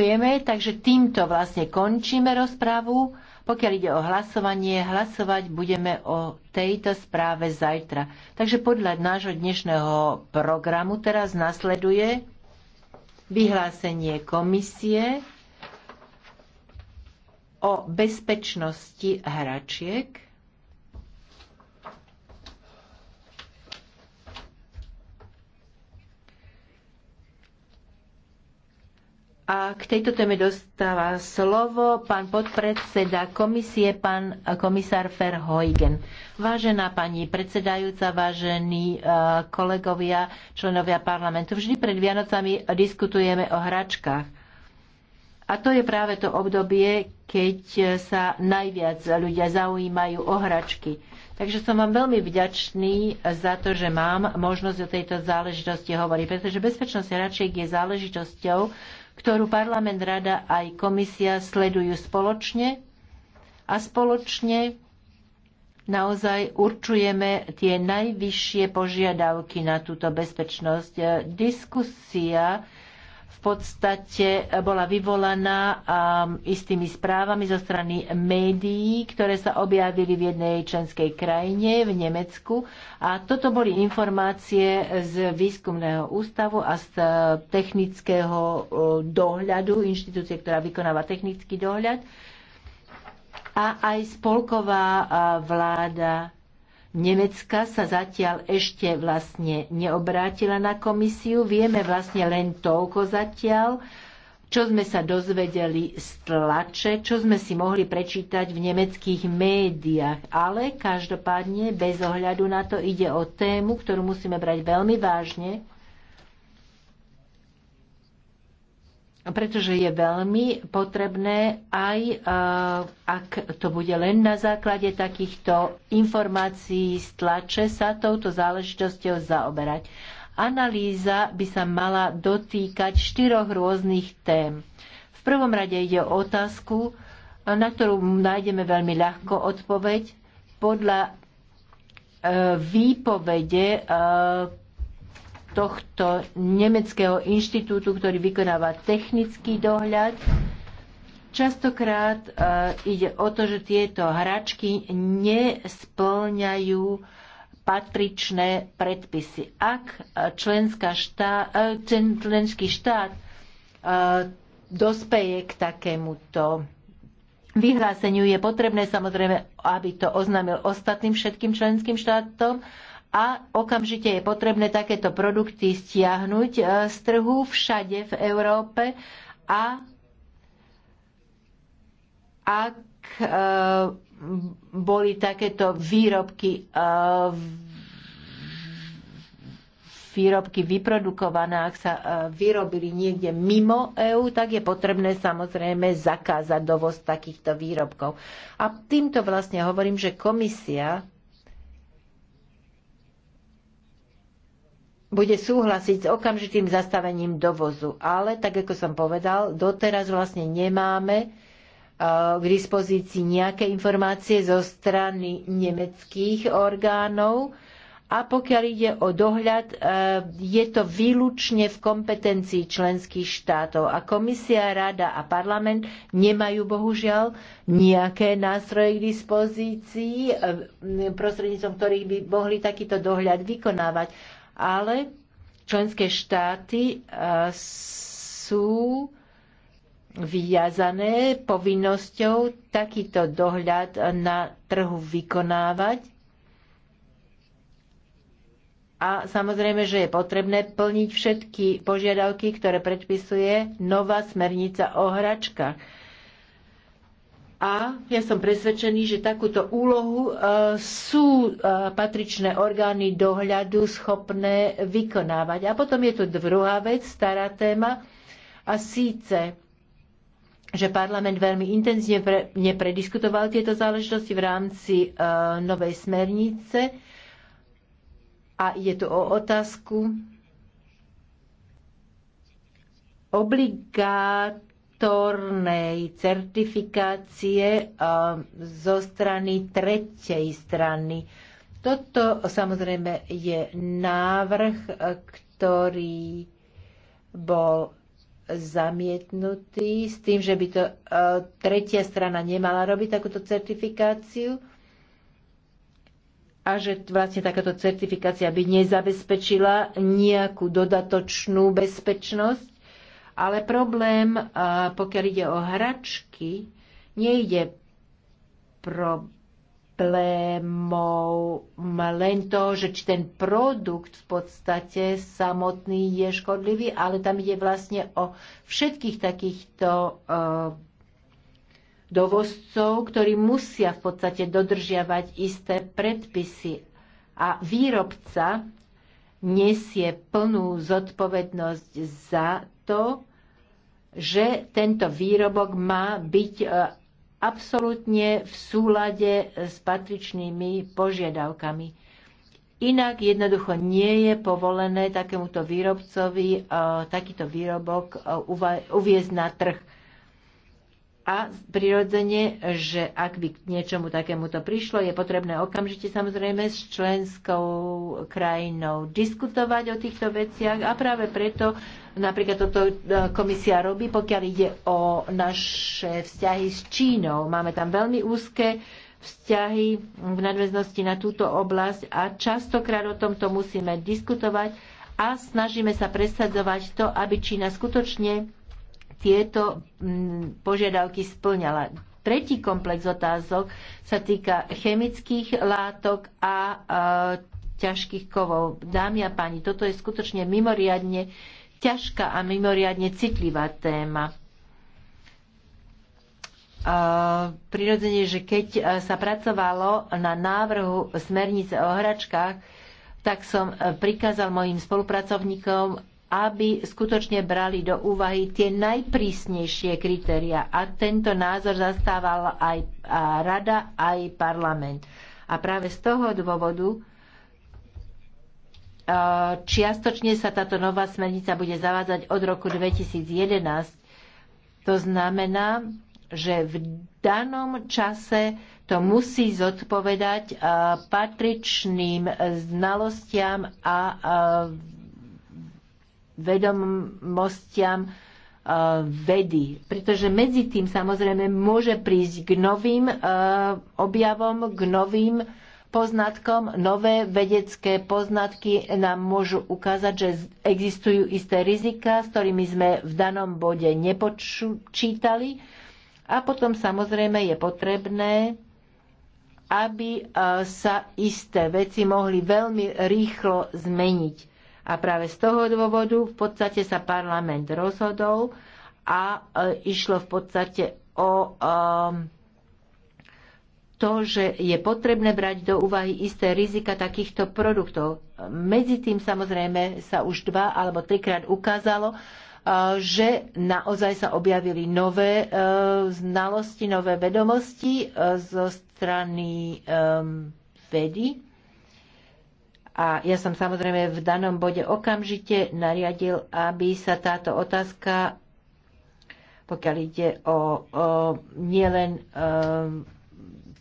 Ďakujeme, takže týmto vlastne končíme rozpravu. Pokiaľ ide o hlasovanie, hlasovať budeme o tejto správe zajtra. Takže podľa nášho dnešného programu teraz nasleduje vyhlásenie komisie o bezpečnosti hračiek. A k tejto téme dostáva slovo pán podpredseda komisie, pán komisár Verheugen. Vážená pani predsedajúca, vážení e, kolegovia, členovia parlamentu, vždy pred Vianocami diskutujeme o hračkách. A to je práve to obdobie, keď sa najviac ľudia zaujímajú o hračky. Takže som vám veľmi vďačný za to, že mám možnosť o tejto záležitosti hovoriť, pretože bezpečnosť hračiek je záležitosťou, ktorú parlament, rada aj komisia sledujú spoločne a spoločne naozaj určujeme tie najvyššie požiadavky na túto bezpečnosť. Diskusia podstate bola vyvolaná um, istými správami zo strany médií, ktoré sa objavili v jednej členskej krajine, v Nemecku. A toto boli informácie z výskumného ústavu a z uh, technického uh, dohľadu, inštitúcie, ktorá vykonáva technický dohľad. A aj spolková uh, vláda Nemecka sa zatiaľ ešte vlastne neobrátila na komisiu. Vieme vlastne len toľko zatiaľ, čo sme sa dozvedeli z tlače, čo sme si mohli prečítať v nemeckých médiách. Ale každopádne, bez ohľadu na to, ide o tému, ktorú musíme brať veľmi vážne pretože je veľmi potrebné aj, eh, ak to bude len na základe takýchto informácií z tlače, sa touto záležitosťou zaoberať. Analýza by sa mala dotýkať štyroch rôznych tém. V prvom rade ide o otázku, eh, na ktorú nájdeme veľmi ľahko odpoveď podľa eh, výpovede tohto nemeckého inštitútu, ktorý vykonáva technický dohľad. Častokrát e, ide o to, že tieto hračky nesplňajú patričné predpisy. Ak e, členská štát, e, člen, členský štát dospeje k takémuto vyhláseniu, je potrebné samozrejme, aby to oznámil ostatným všetkým členským štátom a okamžite je potrebné takéto produkty stiahnuť e, z trhu všade v Európe a ak e, boli takéto výrobky e, výrobky vyprodukované, ak sa vyrobili niekde mimo EÚ, tak je potrebné samozrejme zakázať dovoz takýchto výrobkov. A týmto vlastne hovorím, že komisia bude súhlasiť s okamžitým zastavením dovozu. Ale, tak ako som povedal, doteraz vlastne nemáme e, k dispozícii nejaké informácie zo strany nemeckých orgánov. A pokiaľ ide o dohľad, e, je to výlučne v kompetencii členských štátov. A komisia, rada a parlament nemajú bohužiaľ nejaké nástroje k dispozícii, e, prostredníctvom ktorých by mohli takýto dohľad vykonávať ale členské štáty e, sú vyjazané povinnosťou takýto dohľad na trhu vykonávať. A samozrejme, že je potrebné plniť všetky požiadavky, ktoré predpisuje nová smernica o hračkách a ja som presvedčený, že takúto úlohu e, sú e, patričné orgány dohľadu schopné vykonávať. A potom je tu druhá vec, stará téma, a síce že parlament veľmi intenzívne pre, neprediskutoval tieto záležitosti v rámci uh, novej smernice. A je tu o otázku obligát vnútornej certifikácie eh, zo strany tretej strany. Toto samozrejme je návrh, eh, ktorý bol zamietnutý s tým, že by to eh, tretia strana nemala robiť takúto certifikáciu a že vlastne takáto certifikácia by nezabezpečila nejakú dodatočnú bezpečnosť ale problém, eh, pokiaľ ide o hračky, nejde problémov len to, že či ten produkt v podstate samotný je škodlivý, ale tam ide vlastne o všetkých takýchto eh, dovozcov, ktorí musia v podstate dodržiavať isté predpisy. A výrobca nesie plnú zodpovednosť za to, že tento výrobok má byť e, absolútne v súlade s patričnými požiadavkami. Inak jednoducho nie je povolené takémuto výrobcovi e, takýto výrobok e, uviezť na trh. A prirodzene, že ak by k niečomu takému to prišlo, je potrebné okamžite samozrejme s členskou krajinou diskutovať o týchto veciach a práve preto napríklad toto e, komisia robí, pokiaľ ide o naše vzťahy s Čínou. Máme tam veľmi úzke vzťahy v nadväznosti na túto oblasť a častokrát o tomto musíme diskutovať a snažíme sa presadzovať to, aby Čína skutočne tieto mm, požiadavky splňala. Tretí komplex otázok sa týka chemických látok a ťažkých kovov. Dámy a páni, toto je skutočne mimoriadne ťažká a mimoriadne citlivá téma. Prirodzene, že keď sa pracovalo na návrhu smernice o hračkách, tak som e, prikázal mojim spolupracovníkom, aby skutočne brali do úvahy tie najprísnejšie kritéria. A tento názor zastával aj rada, aj parlament. A práve z toho dôvodu e, čiastočne sa táto nová smernica bude zavádzať od roku 2011. To znamená, že v danom čase to musí zodpovedať e, patričným znalostiam a e, vedomostiam e, vedy. Pretože medzi tým samozrejme môže prísť k novým e, objavom, k novým poznatkom. Nové vedecké poznatky nám môžu ukázať, že existujú isté rizika, s ktorými sme v danom bode nepočítali. A potom samozrejme je potrebné, aby e, sa isté veci mohli veľmi rýchlo zmeniť. A práve z toho dôvodu v podstate sa parlament rozhodol a e, išlo v podstate o e, to, že je potrebné brať do úvahy isté rizika takýchto produktov. Medzi tým samozrejme sa už dva alebo trikrát ukázalo, e, že naozaj sa objavili nové e, znalosti, nové vedomosti e, zo strany vedy. A ja som samozrejme v danom bode okamžite nariadil, aby sa táto otázka, pokiaľ ide o, o nielen e,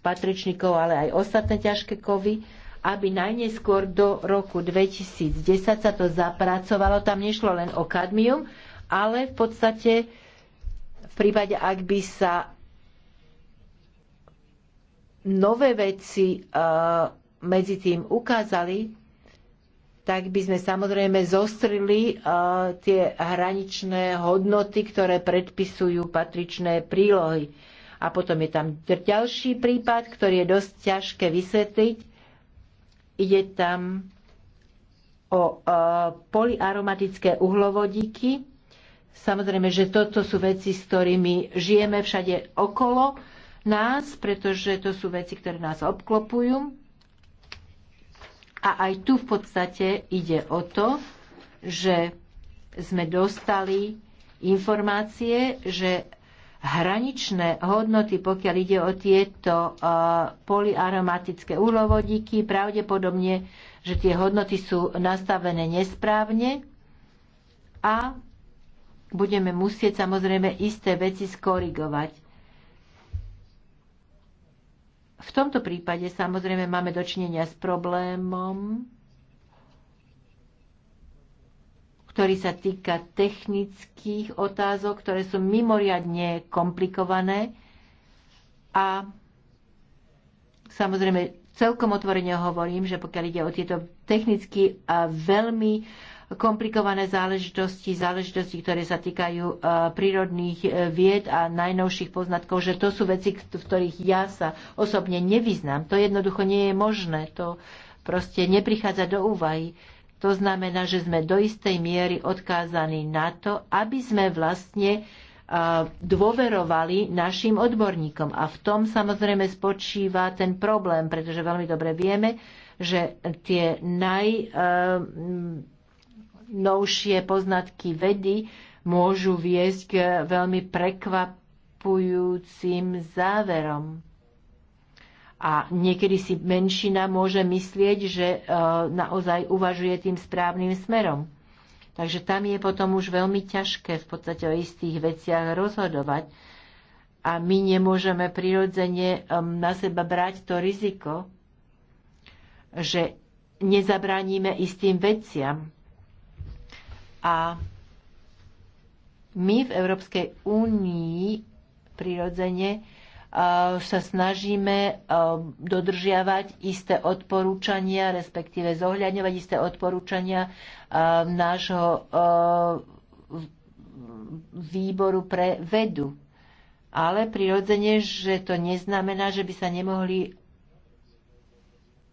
patričníkov, ale aj ostatné ťažké kovy, aby najneskôr do roku 2010 sa to zapracovalo. Tam nešlo len o kadmium, ale v podstate v prípade, ak by sa nové veci e, medzi tým ukázali, tak by sme samozrejme zostrili uh, tie hraničné hodnoty, ktoré predpisujú patričné prílohy. A potom je tam ďalší prípad, ktorý je dosť ťažké vysvetliť. Ide tam o uh, polyaromatické uhlovodíky. Samozrejme, že toto sú veci, s ktorými žijeme všade okolo nás, pretože to sú veci, ktoré nás obklopujú a aj tu v podstate ide o to, že sme dostali informácie, že hraničné hodnoty, pokiaľ ide o tieto polyaromatické uhlovodíky, pravdepodobne, že tie hodnoty sú nastavené nesprávne a budeme musieť samozrejme isté veci skorigovať. V tomto prípade samozrejme máme dočinenia s problémom, ktorý sa týka technických otázok, ktoré sú mimoriadne komplikované a samozrejme celkom otvorene hovorím, že pokiaľ ide o tieto technicky a veľmi komplikované záležitosti, záležitosti, ktoré sa týkajú e, prírodných e, vied a najnovších poznatkov, že to sú veci, v ktorých ja sa osobne nevyznám. To jednoducho nie je možné, to proste neprichádza do úvahy. To znamená, že sme do istej miery odkázaní na to, aby sme vlastne e, dôverovali našim odborníkom. A v tom samozrejme spočíva ten problém, pretože veľmi dobre vieme, že tie naj novšie poznatky vedy môžu viesť k veľmi prekvapujúcim záverom. A niekedy si menšina môže myslieť, že e, naozaj uvažuje tým správnym smerom. Takže tam je potom už veľmi ťažké v podstate o istých veciach rozhodovať a my nemôžeme prirodzene e, na seba brať to riziko, že nezabránime istým veciam. A my v Európskej únii prirodzene e, sa snažíme e, dodržiavať isté odporúčania, respektíve zohľadňovať isté odporúčania e, nášho výboru pre vedu. Ale prirodzene, že to neznamená, že by sa nemohli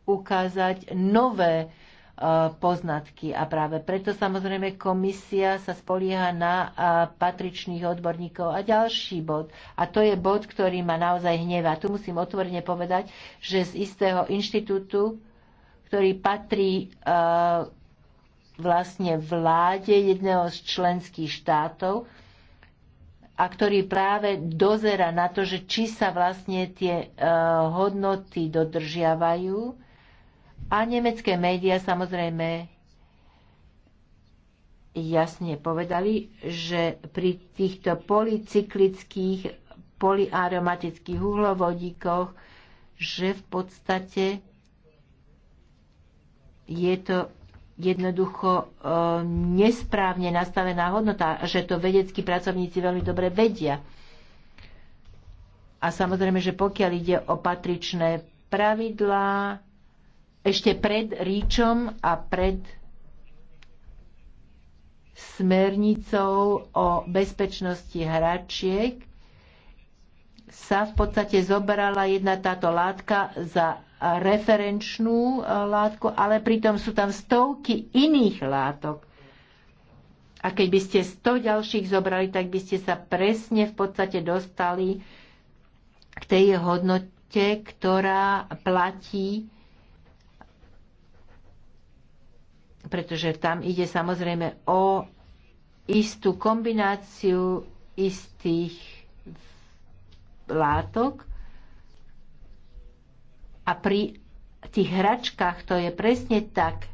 ukázať nové poznatky. A práve preto samozrejme komisia sa spolieha na patričných odborníkov. A ďalší bod, a to je bod, ktorý ma naozaj hnevá. Tu musím otvorene povedať, že z istého inštitútu, ktorý patrí vlastne vláde jedného z členských štátov, a ktorý práve dozera na to, že či sa vlastne tie hodnoty dodržiavajú, a nemecké médiá samozrejme jasne povedali, že pri týchto policyklických, polyaromatických uhlovodíkoch, že v podstate je to jednoducho e, nesprávne nastavená hodnota, že to vedeckí pracovníci veľmi dobre vedia. A samozrejme, že pokiaľ ide o patričné pravidlá, ešte pred ríčom a pred smernicou o bezpečnosti hračiek sa v podstate zoberala jedna táto látka za referenčnú e, látku, ale pritom sú tam stovky iných látok. A keď by ste 100 ďalších zobrali, tak by ste sa presne v podstate dostali k tej hodnote, ktorá platí pretože tam ide samozrejme o istú kombináciu istých látok a pri tých hračkách to je presne tak,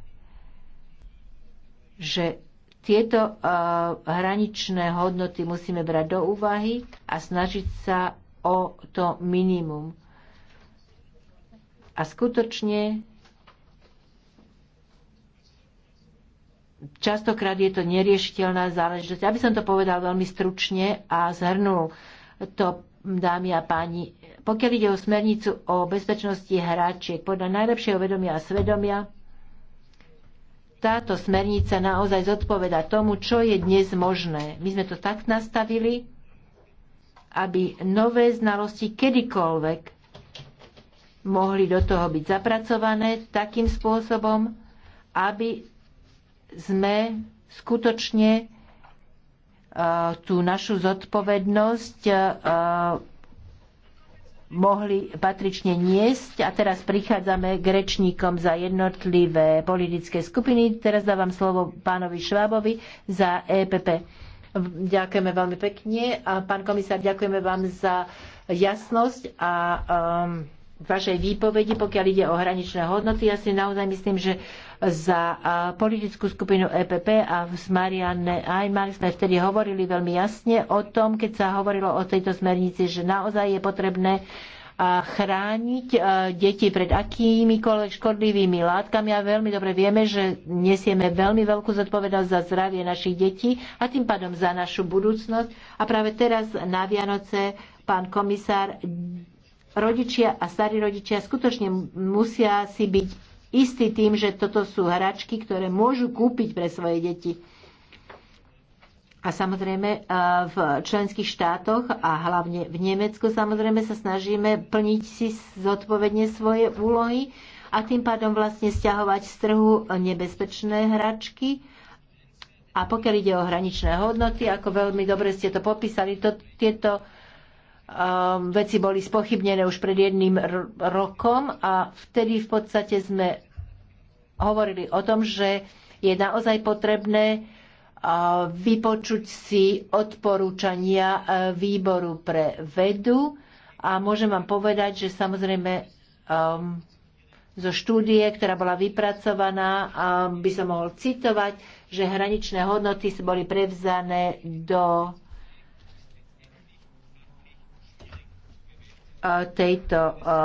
že tieto uh, hraničné hodnoty musíme brať do úvahy a snažiť sa o to minimum. A skutočne častokrát je to neriešiteľná záležitosť. Aby som to povedal veľmi stručne a zhrnul to, dámy a páni, pokiaľ ide o smernicu o bezpečnosti hráčiek, podľa najlepšieho vedomia a svedomia, táto smernica naozaj zodpoveda tomu, čo je dnes možné. My sme to tak nastavili, aby nové znalosti kedykoľvek mohli do toho byť zapracované takým spôsobom, aby sme skutočne e, tú našu zodpovednosť e, mohli patrične niesť. A teraz prichádzame k rečníkom za jednotlivé politické skupiny. Teraz dávam slovo pánovi Švábovi za EPP. Ďakujeme veľmi pekne. A pán komisár, ďakujeme vám za jasnosť a um, vašej výpovedi, pokiaľ ide o hraničné hodnoty. Ja si naozaj myslím, že za politickú skupinu EPP a s Marianne Aymar sme vtedy hovorili veľmi jasne o tom, keď sa hovorilo o tejto smernici, že naozaj je potrebné a chrániť deti pred akýmikoľvek škodlivými látkami a veľmi dobre vieme, že nesieme veľmi veľkú zodpovednosť za zdravie našich detí a tým pádom za našu budúcnosť. A práve teraz na Vianoce pán komisár rodičia a starí rodičia skutočne musia si byť istí tým, že toto sú hračky, ktoré môžu kúpiť pre svoje deti. A samozrejme eh, v členských štátoch a hlavne v Nemecku samozrejme sa snažíme plniť si zodpovedne svoje úlohy a tým pádom vlastne stiahovať z trhu nebezpečné hračky. A pokiaľ ide o hraničné hodnoty, ako veľmi dobre ste to popísali, to, tieto um, veci boli spochybnené už pred jedným rokom a vtedy v podstate sme hovorili o tom, že je naozaj potrebné uh, vypočuť si odporúčania uh, výboru pre vedu a môžem vám povedať, že samozrejme um, zo štúdie, ktorá bola vypracovaná, um, by som mohol citovať, že hraničné hodnoty boli prevzané do E, tejto e,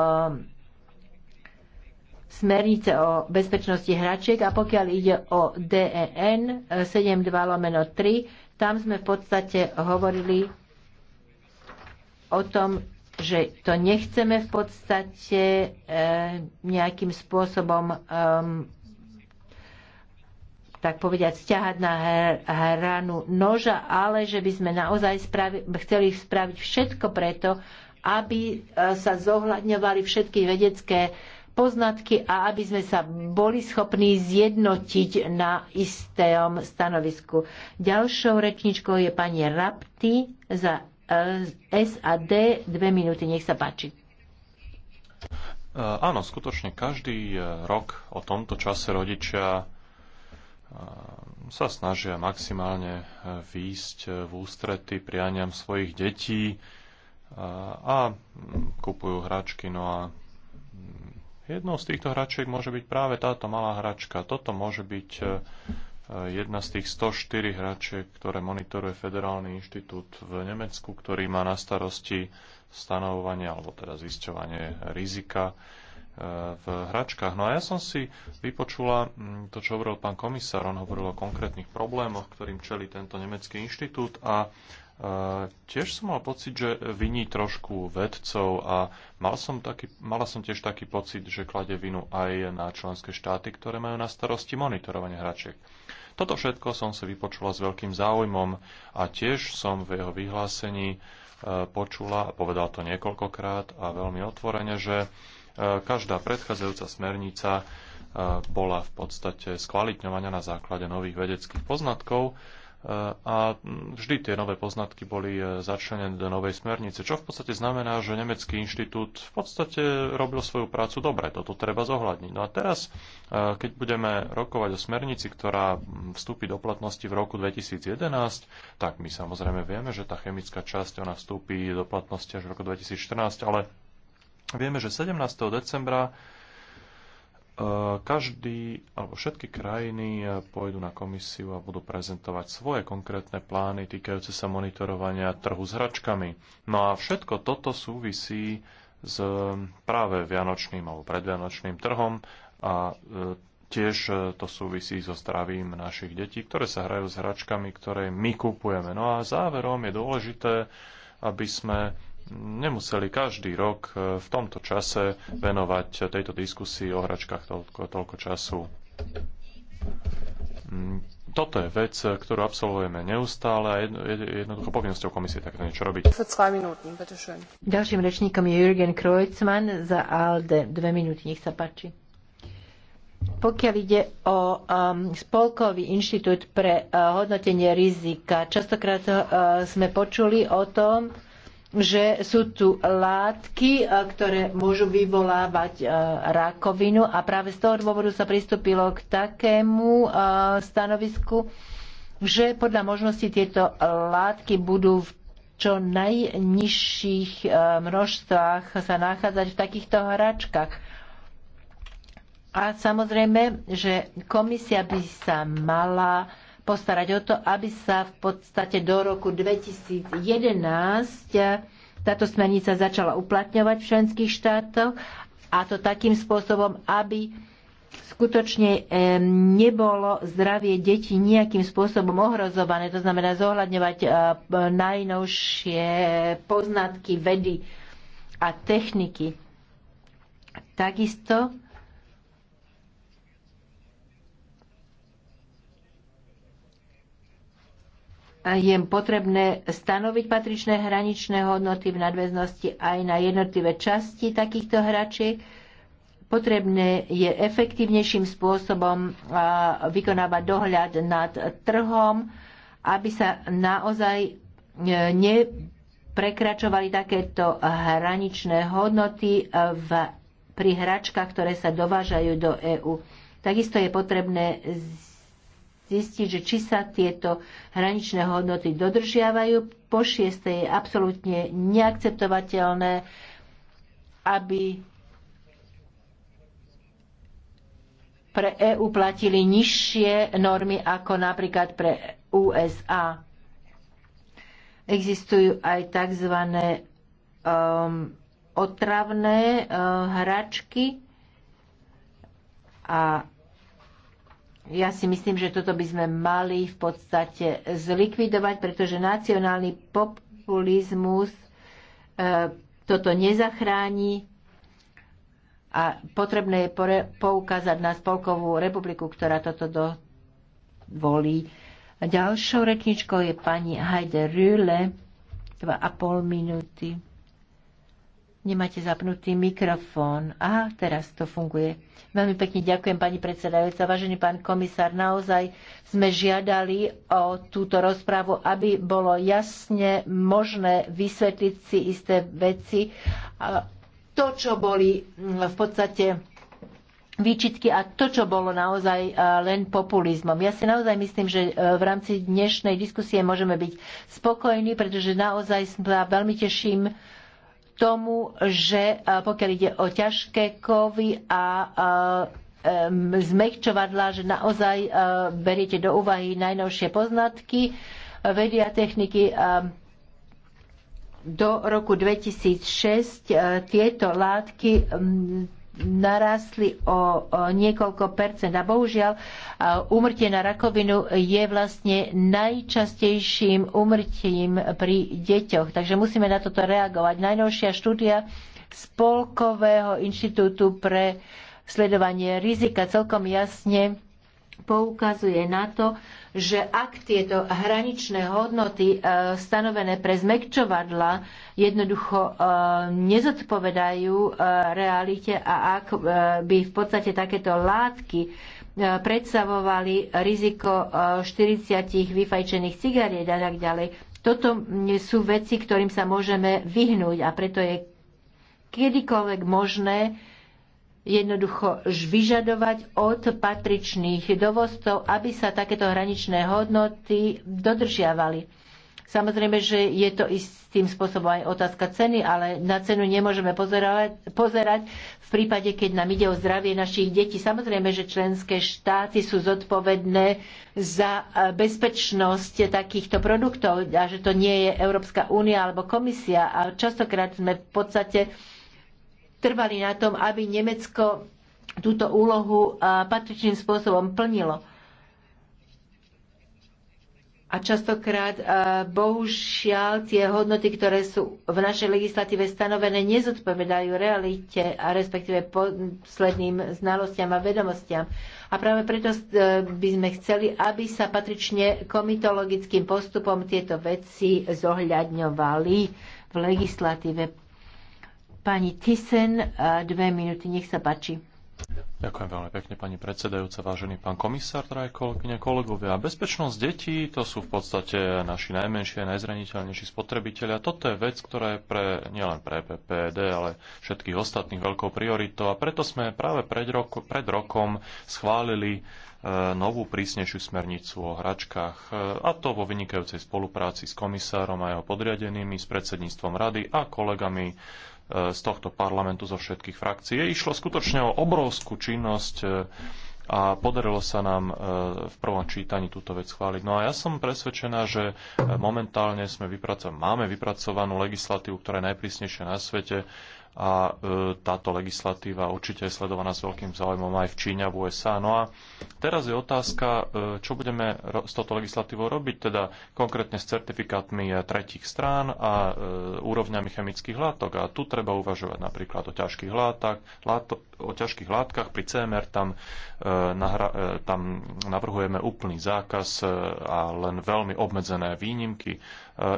smernice o bezpečnosti hračiek a pokiaľ ide o e DEN 72 lomeno 3, tam sme v podstate hovorili o tom, že to nechceme v podstate e, nejakým spôsobom e, tak povedať, stiahať na hranu noža, ale že by sme naozaj spravi, chceli spraviť všetko preto, aby e, sa zohľadňovali všetky vedecké poznatky a aby sme sa boli schopní zjednotiť na istom stanovisku. Ďalšou rečničkou je pani Rapti za e, SAD. Dve minúty, nech sa páči. E, áno, skutočne každý rok o tomto čase rodičia sa snažia maximálne výjsť v ústrety prianiam svojich detí a mm, kupujú hračky. No a mm, jednou z týchto hračiek môže byť práve táto malá hračka. Toto môže byť e, e, jedna z tých 104 hračiek, ktoré monitoruje Federálny inštitút v Nemecku, ktorý má na starosti stanovovanie alebo teda zisťovanie rizika e, v hračkách. No a ja som si vypočula mm, to, čo hovoril pán komisár. On hovoril o konkrétnych problémoch, ktorým čeli tento nemecký inštitút a tiež som mal pocit, že viní trošku vedcov a mal som taký, mala som tiež taký pocit, že klade vinu aj na členské štáty, ktoré majú na starosti monitorovanie hračiek. Toto všetko som si vypočula s veľkým záujmom a tiež som v jeho vyhlásení e, počula a povedal to niekoľkokrát a veľmi otvorene, že e, každá predchádzajúca smernica e, bola v podstate skvalitňovania na základe nových vedeckých poznatkov a vždy tie nové poznatky boli e, začlenené do novej smernice, čo v podstate znamená, že Nemecký inštitút v podstate robil svoju prácu dobre. Toto treba zohľadniť. No a teraz, e, keď budeme rokovať o smernici, ktorá vstúpi do platnosti v roku 2011, tak my samozrejme vieme, že tá chemická časť ona vstúpi do platnosti až v roku 2014, ale vieme, že 17. decembra každý alebo všetky krajiny eh, pôjdu na komisiu a budú prezentovať svoje konkrétne plány týkajúce sa monitorovania trhu s hračkami. No a všetko toto súvisí s eh, práve vianočným alebo predvianočným trhom a eh, tiež to súvisí so zdravím našich detí, ktoré sa hrajú s hračkami, ktoré my kupujeme. No a záverom je dôležité, aby sme nemuseli každý rok e, v tomto čase venovať tejto diskusii o hračkách toľko, toľko času. Mm, toto je vec, ktorú absolvujeme neustále a jednoducho povinnosťou komisie takéto niečo robiť. Ďalším rečníkom je Jürgen Kreuzmann za ALDE. Dve minúty, nech sa páči. Pokiaľ ide o um, Spolkový inštitút pre uh, hodnotenie rizika, častokrát uh, sme počuli o tom, že sú tu látky, e, ktoré môžu vyvolávať e, rakovinu a práve z toho dôvodu sa pristúpilo k takému e, stanovisku, že podľa možnosti tieto látky budú v čo najnižších množstvách sa nachádzať v takýchto hračkách. A samozrejme, že komisia by sa mala postarať o to, aby sa v podstate do roku 2011 táto smernica začala uplatňovať v členských štátoch a to takým spôsobom, aby skutočne nebolo zdravie detí nejakým spôsobom ohrozované. To znamená zohľadňovať eh, najnovšie poznatky vedy a techniky. Takisto je potrebné stanoviť patričné hraničné hodnoty v nadväznosti aj na jednotlivé časti takýchto hračiek. Potrebné je efektívnejším spôsobom vykonávať dohľad nad trhom, aby sa naozaj e, neprekračovali takéto hraničné hodnoty e, v, pri hračkách, ktoré sa dovážajú do EÚ. Takisto je potrebné zistiť, že či sa tieto hraničné hodnoty dodržiavajú. Po šieste je absolútne neakceptovateľné, aby pre EU platili nižšie normy ako napríklad pre USA. Existujú aj tzv. Um, otravné uh, hračky a ja si myslím, že toto by sme mali v podstate zlikvidovať, pretože nacionálny populizmus e, toto nezachráni a potrebné je poukázať na Spolkovú republiku, ktorá toto dovolí. Ďalšou rečničkou je pani Heide Rühle, 2,5 minúty. Nemáte zapnutý mikrofón. Aha, teraz to funguje. Veľmi pekne ďakujem, pani predsedajúca. Vážený pán komisár, naozaj sme žiadali o túto rozprávu, aby bolo jasne možné vysvetliť si isté veci. To, čo boli mm, v podstate výčitky a to, čo bolo naozaj e, len populizmom. Ja si naozaj myslím, že e, v rámci dnešnej diskusie môžeme byť spokojní, pretože naozaj sa veľmi teším tomu, že e, pokiaľ ide o ťažké kovy a e, zmehčovadla, že naozaj e, beriete do úvahy najnovšie poznatky, vedia techniky do roku 2006 tieto látky narastli o, niekoľko percent. A bohužiaľ, úmrtie na rakovinu je vlastne najčastejším úmrtím pri deťoch. Takže musíme na toto reagovať. Najnovšia štúdia Spolkového inštitútu pre sledovanie rizika celkom jasne poukazuje na to, že ak tieto hraničné hodnoty e, stanovené pre zmekčovadla jednoducho e, nezodpovedajú e, realite a ak by v podstate takéto látky predstavovali riziko 40 vyfajčených cigariet a tak ďalej. Toto sú veci, ktorým sa môžeme vyhnúť a preto je kedykoľvek možné jednoducho vyžadovať od patričných dovozcov, aby sa takéto hraničné hodnoty dodržiavali. Samozrejme, že je to istým spôsobom aj otázka ceny, ale na cenu nemôžeme pozerať, pozerať v prípade, keď nám ide o zdravie našich detí. Samozrejme, že členské štáty sú zodpovedné za e, bezpečnosť takýchto produktov a že to nie je Európska únia alebo komisia. A častokrát sme v podstate trvali na tom, aby Nemecko túto úlohu patričným spôsobom plnilo. A častokrát, bohužiaľ, tie hodnoty, ktoré sú v našej legislatíve stanovené, nezodpovedajú realite a respektíve posledným znalostiam a vedomostiam. A práve preto e, by sme chceli, aby sa patrične komitologickým postupom tieto veci zohľadňovali v legislatíve Pani Thyssen, e, dve minúty, nech sa páči. Ďakujem veľmi pekne, pani predsedajúca, vážený pán komisár, drahé kolegyne, kolegovia. Bezpečnosť detí, to sú v podstate naši najmenšie, najzraniteľnejší spotrebitelia. Toto je vec, ktorá je pre, nielen pre PPD, ale všetkých ostatných veľkou prioritou. A preto sme práve pred, roko, pred rokom schválili E, novú prísnejšiu smernicu o hračkách, e, a to vo vynikajúcej spolupráci s komisárom a jeho podriadenými, s predsedníctvom rady a kolegami e, z tohto parlamentu zo všetkých frakcií. Išlo skutočne o obrovskú činnosť a podarilo sa nám v prvom čítaní túto vec chváliť. No a ja som presvedčená, že momentálne sme vypracov- máme vypracovanú legislatívu, ktorá je najprísnejšia na svete a e, táto legislatíva určite je sledovaná s veľkým záujmom aj v Číne a v USA. No a teraz je otázka, e, čo budeme s touto legislatívou robiť, teda konkrétne s certifikátmi e, tretich strán a úrovňami chemických látok. A tu treba uvažovať napríklad o ťažkých, látach, láto, o ťažkých látkach. Pri CMR tam, nahra, tam navrhujeme úplný zákaz a len veľmi obmedzené výnimky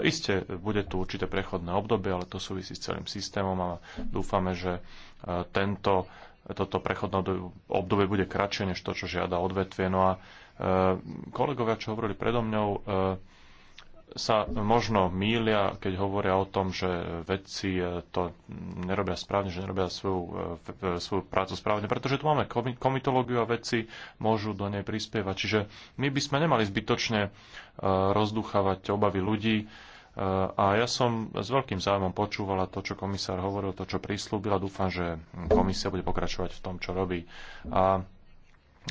Isté, bude tu určité prechodné obdobie, ale to súvisí s celým systémom a dúfame, že e, tento, toto prechodné obdobie bude kratšie než to, čo žiada odvetvie. No a e, kolegovia, čo hovorili predo mňou, e, sa možno mýlia, keď hovoria o tom, že vedci eh, to nerobia správne, že nerobia svoju, eh, svoju prácu správne, pretože tu máme komitológiu a vedci môžu do nej prispievať. Čiže my by sme nemali zbytočne eh, rozduchávať obavy ľudí. A ja som s veľkým záujmom počúvala to, čo komisár hovoril, to, čo prislúbil a dúfam, že komisia bude pokračovať v tom, čo robí. A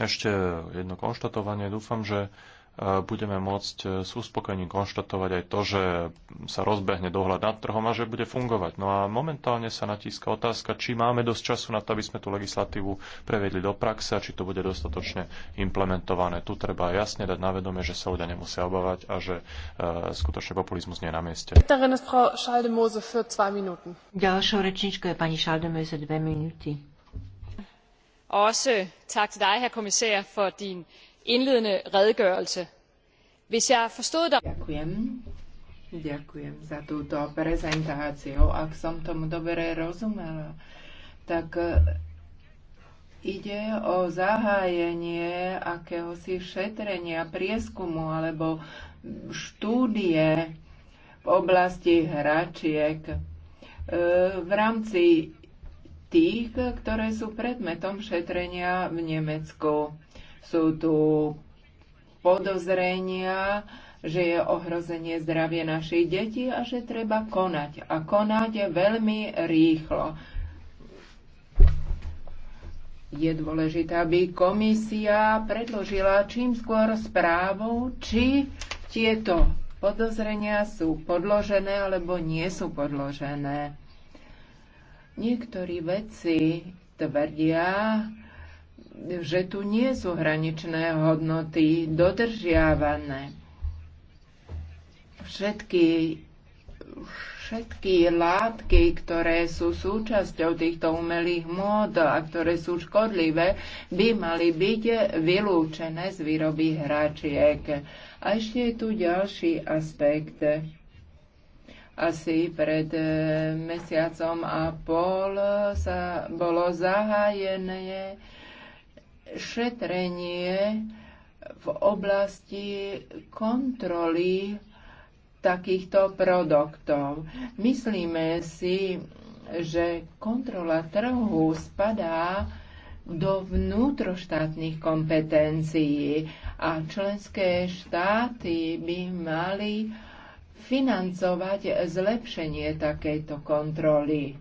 ešte jedno konštatovanie. Dúfam, že budeme môcť e, s uspokojením konštatovať aj to, že sa rozbehne dohľad nad trhom a že bude fungovať. No a momentálne sa natíska otázka, či máme dosť času na to, aby sme tú legislatívu prevedli do praxe a či to bude dostatočne implementované. Tu treba jasne dať na vedomie, že sa ľudia nemusia obávať a že e, skutočne populizmus nie je na mieste. Ďalšou rečničkou je pani Šaldemose dve minúty. Også tak til dig, herr kommissær, for din indledende redegørelse. Hvis jeg forstod dig... Ďakujem. Ďakujem za túto prezentáciu. Ak som tomu dobre rozumela, tak e, ide o zahájenie akéhosi šetrenia, prieskumu alebo štúdie v oblasti hračiek e, v rámci tých, ktoré sú predmetom šetrenia v Nemecku. Sú tu podozrenia, že je ohrozenie zdravie našich detí a že treba konať. A konať je veľmi rýchlo. Je dôležité, aby komisia predložila čím skôr správu, či tieto podozrenia sú podložené alebo nie sú podložené. Niektorí vedci tvrdia, že tu nie sú hraničné hodnoty dodržiavané. Všetky, všetky látky, ktoré sú súčasťou týchto umelých mód a ktoré sú škodlivé, by mali byť vylúčené z výroby hračiek. A ešte je tu ďalší aspekt asi pred eh, mesiacom a pol sa bolo zahájené šetrenie v oblasti kontroly takýchto produktov. Myslíme si, že kontrola trhu spadá do vnútroštátnych kompetencií a členské štáty by mali financovať zlepšenie takejto kontroly.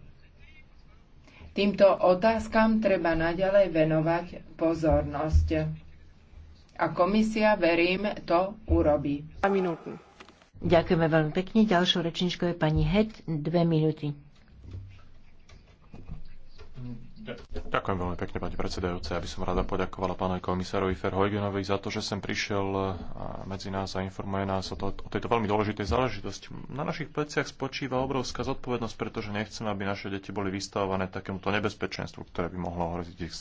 Týmto otázkam treba naďalej venovať pozornosť. A komisia, verím, to urobí. Ďakujeme veľmi pekne. Ďalšou rečničkou je pani Het. Dve minúty. Ďakujem veľmi pekne, pani predsedajúce. Ja by som rada poďakovala pánovi komisárovi Ferhojgenovi za to, že sem prišiel medzi nás a informuje nás o, to, o tejto veľmi dôležitej záležitosti. Na našich pleciach spočíva obrovská zodpovednosť, pretože nechceme, aby naše deti boli vystavované takémuto nebezpečenstvu, ktoré by mohlo ohroziť ich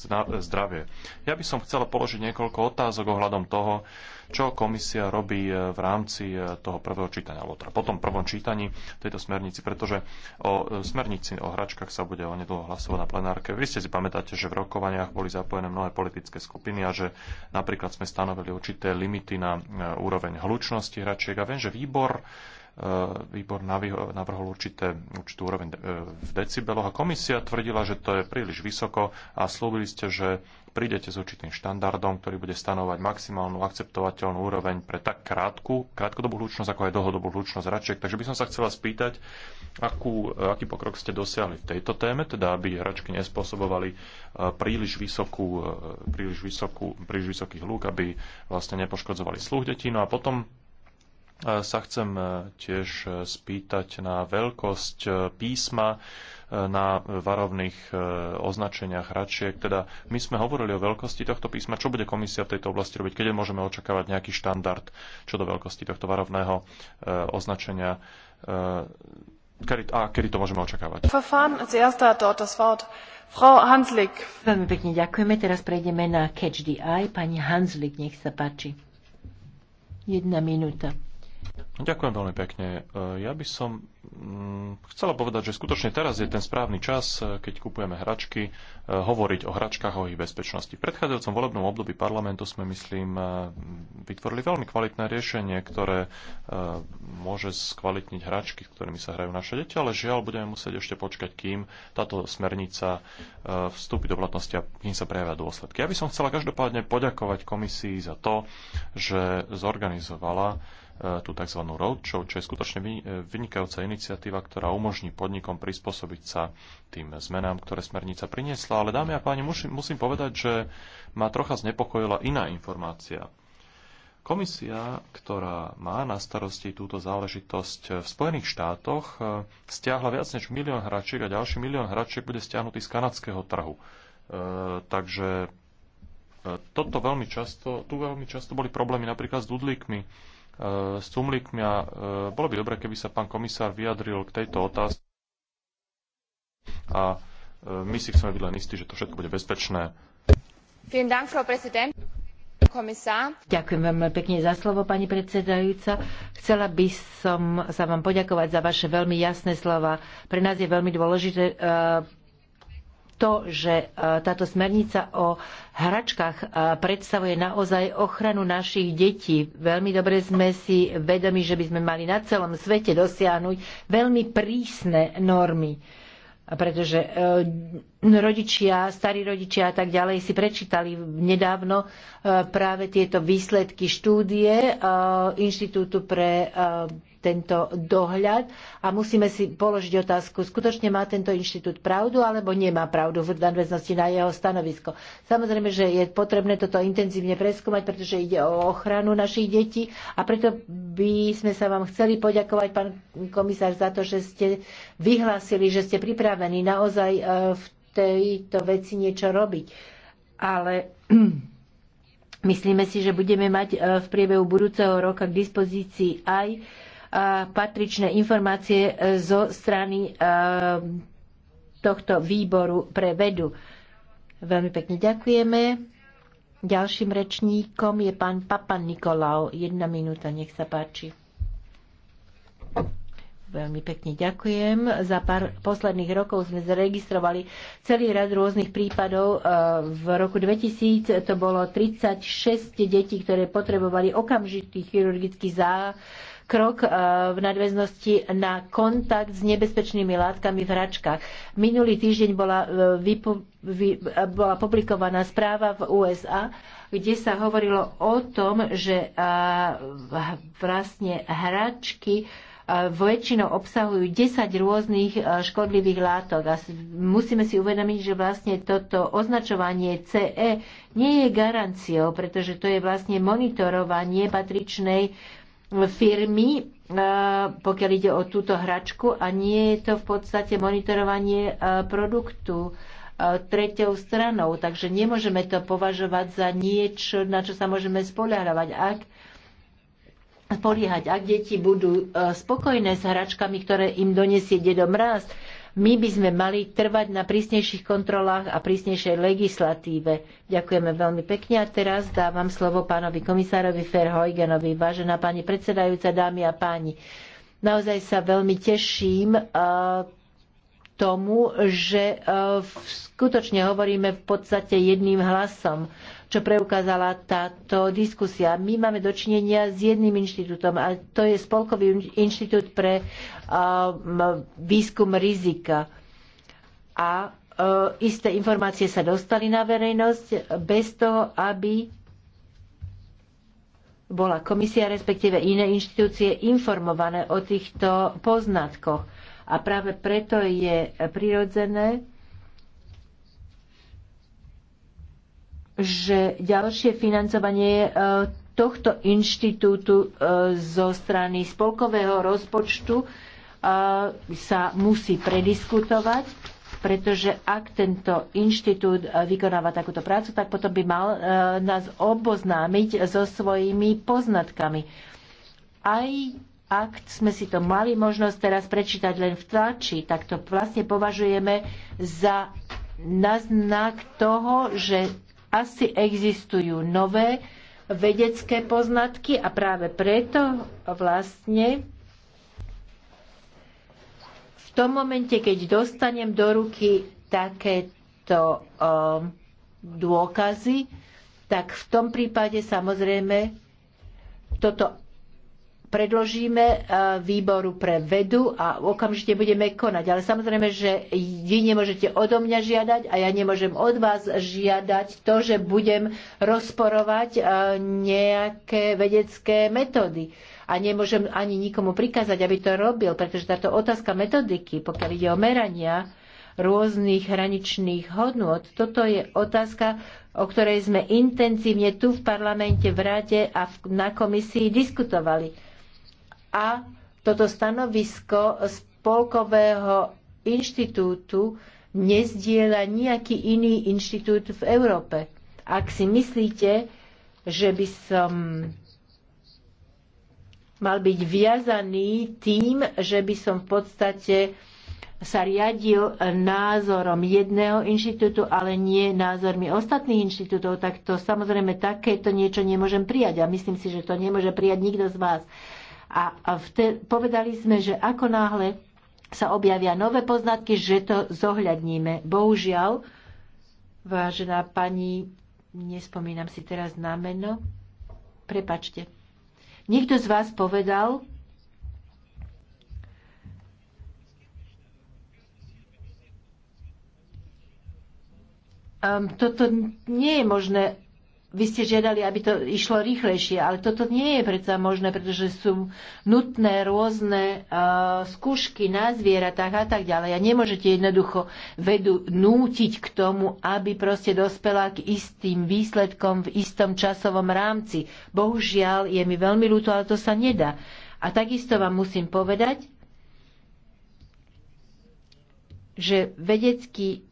zdravie. Ja by som chcela položiť niekoľko otázok ohľadom toho, čo komisia robí e, v rámci e, toho prvého čítania, alebo teda po tom prvom čítaní tejto smernici, pretože o e, smernici o hračkách sa bude nedlho hlasovať na plenárke. Vy ste si pamätáte, že v rokovaniach boli zapojené mnohé politické skupiny a že napríklad sme stanovili určité limity na úroveň hlučnosti hračiek a viem, že výbor E, výbor navrhol určité, určitú úroveň e, v decibeloch a komisia tvrdila, že to je príliš vysoko a slúbili ste, že prídete s určitým štandardom, ktorý bude stanovať maximálnu akceptovateľnú úroveň pre tak krátku, krátkodobú hlučnosť, ako aj dlhodobú hlučnosť hračiek. Takže by som sa chcela spýtať, akú, aký pokrok ste dosiahli v tejto téme, teda aby hračky nespôsobovali e, príliš, vysokú, príliš, vysokú, príliš vysoký hľúk, aby vlastne nepoškodzovali sluch detí. No a potom sa chcem e, tiež e, spýtať na veľkosť e, písma na varovných označeniach hračiek. Teda my sme hovorili o veľkosti tohto písma. Čo bude komisia v tejto oblasti robiť? Kedy môžeme očakávať nejaký štandard čo do veľkosti tohto varovného označenia? Kedy, a kedy to môžeme očakávať? Veľmi pekne ďakujeme. Teraz prejdeme na Catch the Eye. Pani Hanslik, nech sa páči. Jedna minúta. Ďakujem veľmi pekne. E, ja by som mm, chcela povedať, že skutočne teraz je ten správny čas, e, keď kupujeme hračky, e, hovoriť o hračkách, o ich bezpečnosti. V predchádzajúcom volebnom období parlamentu sme, myslím, vytvorili veľmi kvalitné riešenie, ktoré môže skvalitniť hračky, ktorými sa hrajú naše deti, ale žiaľ, budeme musieť ešte počkať, kým táto smernica vstúpi do platnosti a kým sa prejavia dôsledky. Ja by som chcela každopádne poďakovať komisii za to, že zorganizovala tú tzv. roadshow, čo je skutočne vynikajúca iniciatíva, ktorá umožní podnikom prispôsobiť sa tým zmenám, ktoré smernica priniesla. Ale dámy a páni, musím, musím povedať, že ma trocha znepokojila iná informácia. Komisia, ktorá má na starosti túto záležitosť v Spojených štátoch, e, stiahla viac než milión hračiek a ďalší milión hračiek bude stiahnutý z kanadského trhu. E, takže e, toto veľmi často, tu veľmi často boli problémy napríklad s dudlíkmi, E, s cumlikmi a e, bolo by dobre, keby sa pán komisár vyjadril k tejto otázke a e, my si chceme byť len istí, že to všetko bude bezpečné. Ďakujem veľmi pekne za slovo, pani predsedajúca. Chcela by som sa vám poďakovať za vaše veľmi jasné slova. Pre nás je veľmi dôležité to, že e, táto smernica o hračkách e, predstavuje naozaj ochranu našich detí. Veľmi dobre sme si vedomi, že by sme mali na celom svete dosiahnuť veľmi prísne normy pretože e, rodičia, starí rodičia a tak ďalej si prečítali nedávno práve tieto výsledky štúdie Inštitútu pre tento dohľad a musíme si položiť otázku, skutočne má tento inštitút pravdu alebo nemá pravdu v nadväznosti na jeho stanovisko. Samozrejme, že je potrebné toto intenzívne preskúmať, pretože ide o ochranu našich detí a preto by sme sa vám chceli poďakovať, pán komisár, za to, že ste vyhlásili, že ste pripravení naozaj e, v tejto veci niečo robiť. Ale Myslíme si, že budeme mať e, v priebehu budúceho roka k dispozícii aj patričné informácie e, zo strany e, tohto výboru pre vedu. Veľmi pekne ďakujeme. Ďalším rečníkom je pán Papa Nikolau. Jedna minúta, nech sa páči. Veľmi pekne ďakujem. Za pár posledných rokov sme zaregistrovali celý rad rôznych prípadov. E, v roku 2000 to bolo 36 detí, ktoré potrebovali okamžitý chirurgický zásah krok eh, v nadväznosti na kontakt s nebezpečnými látkami v hračkách. Minulý týždeň bola, eh, vypo, vy, eh, bola publikovaná správa v USA, kde sa hovorilo o tom, že vlastne hračky väčšinou obsahujú 10 rôznych škodlivých látok a musíme si uvedomiť, že vlastne toto označovanie CE nie je garanciou, pretože to je vlastne monitorovanie patričnej firmy, e, pokiaľ ide o túto hračku a nie je to v podstate monitorovanie e, produktu e, treťou stranou. Takže nemôžeme to považovať za niečo, na čo sa môžeme spoliehať. Ak spoliehať, ak deti budú spokojné s hračkami, ktoré im donesie dedo mraz, my by sme mali trvať na prísnejších kontrolách a prísnejšej legislatíve. Ďakujeme veľmi pekne a teraz dávam slovo pánovi komisárovi Ferhojgenovi. Vážená pani predsedajúca, dámy a páni, naozaj sa veľmi teším eh, tomu, že eh, skutočne hovoríme v podstate jedným hlasom čo preukázala táto diskusia. My máme dočinenia s jedným inštitútom a to je Spolkový inštitút pre um, výskum rizika. A uh, isté informácie sa dostali na verejnosť bez toho, aby bola komisia, respektíve iné inštitúcie informované o týchto poznatkoch. A práve preto je prirodzené, že ďalšie financovanie e, tohto inštitútu e, zo strany spolkového rozpočtu e, sa musí prediskutovať, pretože ak tento inštitút vykonáva takúto prácu, tak potom by mal nás oboznámiť so svojimi poznatkami. Aj ak sme si to mali možnosť teraz prečítať len v tlači, tak to vlastne považujeme za naznak toho, že asi existujú nové vedecké poznatky a práve preto vlastne v tom momente, keď dostanem do ruky takéto um, dôkazy, tak v tom prípade samozrejme toto predložíme e, výboru pre vedu a okamžite budeme konať. Ale samozrejme, že vy nemôžete odo mňa žiadať a ja nemôžem od vás žiadať to, že budem rozporovať e, nejaké vedecké metódy. A nemôžem ani nikomu prikázať, aby to robil, pretože táto otázka metodiky, pokiaľ ide o merania rôznych hraničných hodnôt, toto je otázka, o ktorej sme intenzívne tu v parlamente, v rade a na komisii diskutovali a toto stanovisko Spolkového inštitútu nezdieľa nejaký iný inštitút v Európe. Ak si myslíte, že by som mal byť viazaný tým, že by som v podstate sa riadil názorom jedného inštitútu, ale nie názormi ostatných inštitútov, tak to samozrejme takéto niečo nemôžem prijať. A myslím si, že to nemôže prijať nikto z vás. A, povedali sme, že ako náhle sa objavia nové poznatky, že to zohľadníme. Bohužiaľ, vážená pani, nespomínam si teraz na meno, prepačte. Niekto z vás povedal, um, toto nie je možné vy ste žiadali, aby to išlo rýchlejšie, ale toto nie je predsa možné, pretože sú nutné rôzne uh, skúšky na zvieratách a tak ďalej. A nemôžete jednoducho vedu nútiť k tomu, aby proste dospela k istým výsledkom v istom časovom rámci. Bohužiaľ, je mi veľmi ľúto, ale to sa nedá. A takisto vám musím povedať, že vedecký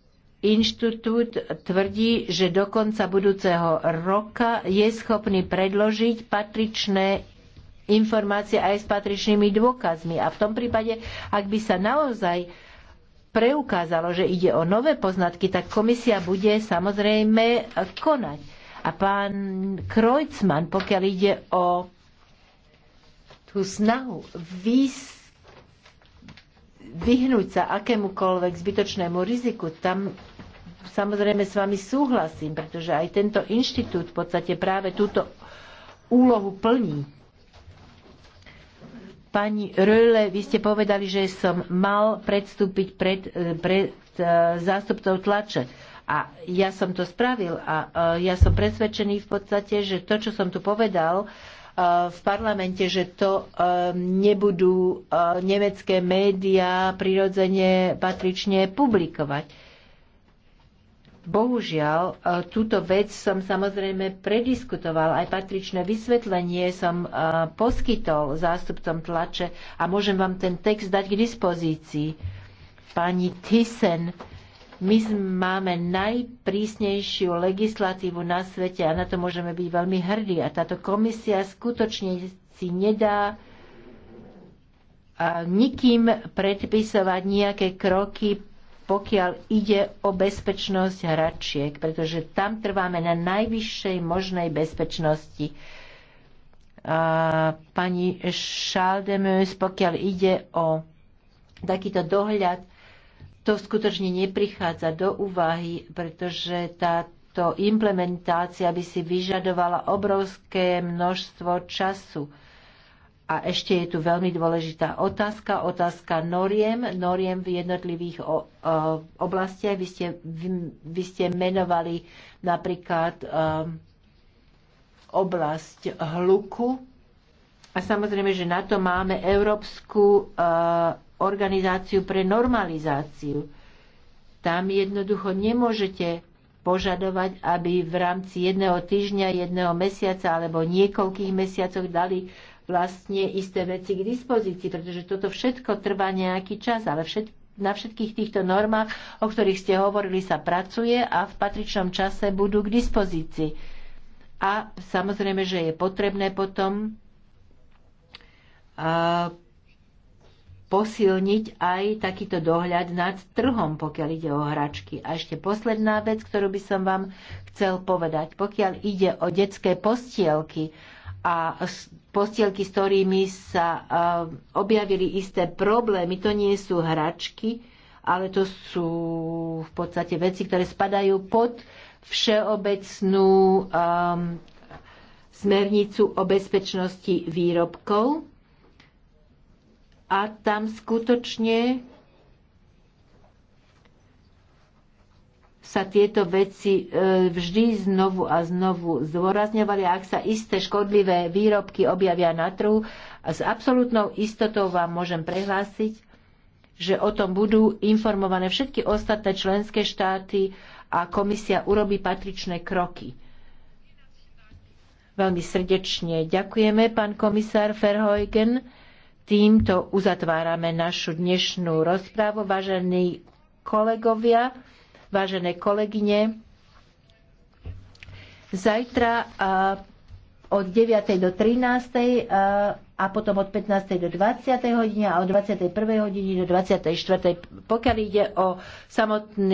inštitút tvrdí, že do konca budúceho roka je schopný predložiť patričné informácie aj s patričnými dôkazmi. A v tom prípade, ak by sa naozaj preukázalo, že ide o nové poznatky, tak komisia bude samozrejme konať. A pán Krojcman, pokiaľ ide o tú snahu výsť, vyhnúť sa akémukoľvek zbytočnému riziku, tam samozrejme s vami súhlasím, pretože aj tento inštitút v podstate práve túto úlohu plní. Pani Röle, vy ste povedali, že som mal predstúpiť pred, eh, pred eh, zástupcov tlače. A ja som to spravil a eh, ja som presvedčený v podstate, že to, čo som tu povedal, v parlamente, že to e, nebudú e, nemecké médiá prirodzene patrične publikovať. Bohužiaľ, e, túto vec som samozrejme prediskutoval, aj patričné vysvetlenie som poskytol zástupcom tlače a môžem vám ten text dať k dispozícii. Pani Thyssen my máme najprísnejšiu legislatívu na svete a na to môžeme byť veľmi hrdí. A táto komisia skutočne si nedá nikým predpisovať nejaké kroky, pokiaľ ide o bezpečnosť hračiek, pretože tam trváme na najvyššej možnej bezpečnosti. A pani Šaldemus, pokiaľ ide o takýto dohľad to skutočne neprichádza do úvahy, pretože táto implementácia by si vyžadovala obrovské množstvo času. A ešte je tu veľmi dôležitá otázka, otázka noriem, noriem v jednotlivých oblastiach. Vy ste, vy, vy ste menovali napríklad um, oblasť hluku. A samozrejme, že na to máme Európsku uh, organizáciu pre normalizáciu. Tam jednoducho nemôžete požadovať, aby v rámci jedného týždňa, jedného mesiaca alebo niekoľkých mesiacoch dali vlastne isté veci k dispozícii, pretože toto všetko trvá nejaký čas, ale všet, na všetkých týchto normách, o ktorých ste hovorili, sa pracuje a v patričnom čase budú k dispozícii. A samozrejme, že je potrebné potom posilniť aj takýto dohľad nad trhom, pokiaľ ide o hračky. A ešte posledná vec, ktorú by som vám chcel povedať. Pokiaľ ide o detské postielky a postielky, s ktorými sa objavili isté problémy, to nie sú hračky, ale to sú v podstate veci, ktoré spadajú pod všeobecnú um, smernicu o bezpečnosti výrobkov a tam skutočne sa tieto veci e, vždy znovu a znovu zdôrazňovali. ak sa isté škodlivé výrobky objavia na trhu, a s absolútnou istotou vám môžem prehlásiť, že o tom budú informované všetky ostatné členské štáty a komisia urobí patričné kroky. Veľmi srdečne ďakujeme, pán komisár Verheugen týmto uzatvárame našu dnešnú rozprávu. Vážení kolegovia, vážené kolegyne, zajtra od 9. do 13. a potom od 15. do 20. hodiny a od 21. hodiny do 24. pokiaľ ide o samotný